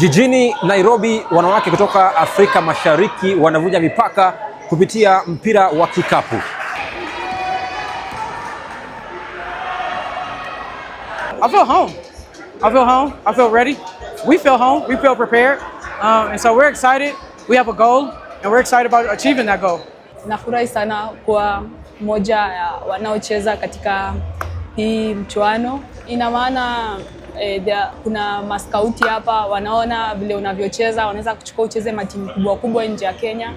Jijini Nairobi, wanawake kutoka Afrika Mashariki wanavunja mipaka kupitia mpira wa kikapu. I feel home. I feel home. I feel ready. We feel home. We feel prepared. Um, and so we're excited. We have a goal and we're excited about achieving that goal. Nafurahi sana kuwa moja ya wanaocheza katika hii mchuano. Ina maana eh, there, kuna maskauti hapa wanaona vile unavyocheza, wanaweza kuchukua ucheze matimu kubwa kubwa nje ya Kenya,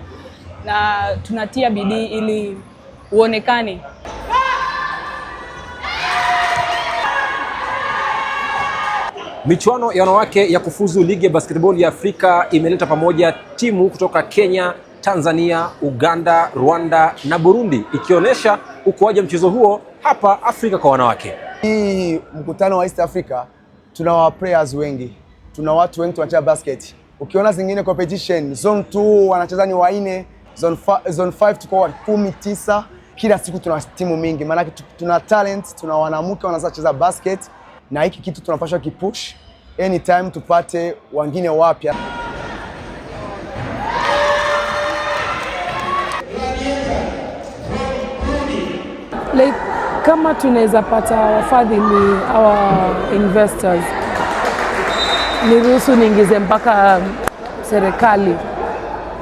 na tunatia bidii ili uonekane. Michuano ya wanawake ya kufuzu ligi ya basketball ya Afrika imeleta pamoja timu kutoka Kenya, Tanzania, Uganda, Rwanda na Burundi ikionyesha ukuaji wa mchezo huo hapa Afrika kwa wanawake. Hii mkutano wa East Africa tuna wa players wengi, tuna watu wengi tunacheza basket. Ukiona zingine competition zone 2 wanacheza ni wanne, zone 5 zone 5 tuko wa 19. Kila siku tuna timu mingi, maana tuna talent, tuna wanamke wanaweza cheza basket, na hiki kitu tunapashwa kipush anytime tupate wengine wapya. Like kama tunaweza pata wafadhili au investors, ni ruhusu niingize mpaka serikali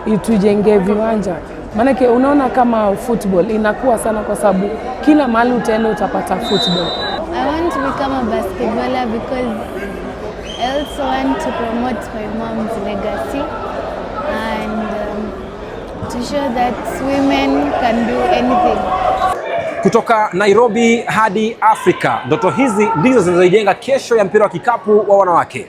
itujengee viwanja, maanake unaona kama football inakuwa sana, kwa sababu kila mahali utaenda utapata football. I want to become a basketballer because I also want to promote my mom's legacy and um, to show that women can do anything. Kutoka Nairobi hadi Afrika, ndoto hizi ndizo zinazoijenga kesho ya mpira wa kikapu wa wanawake.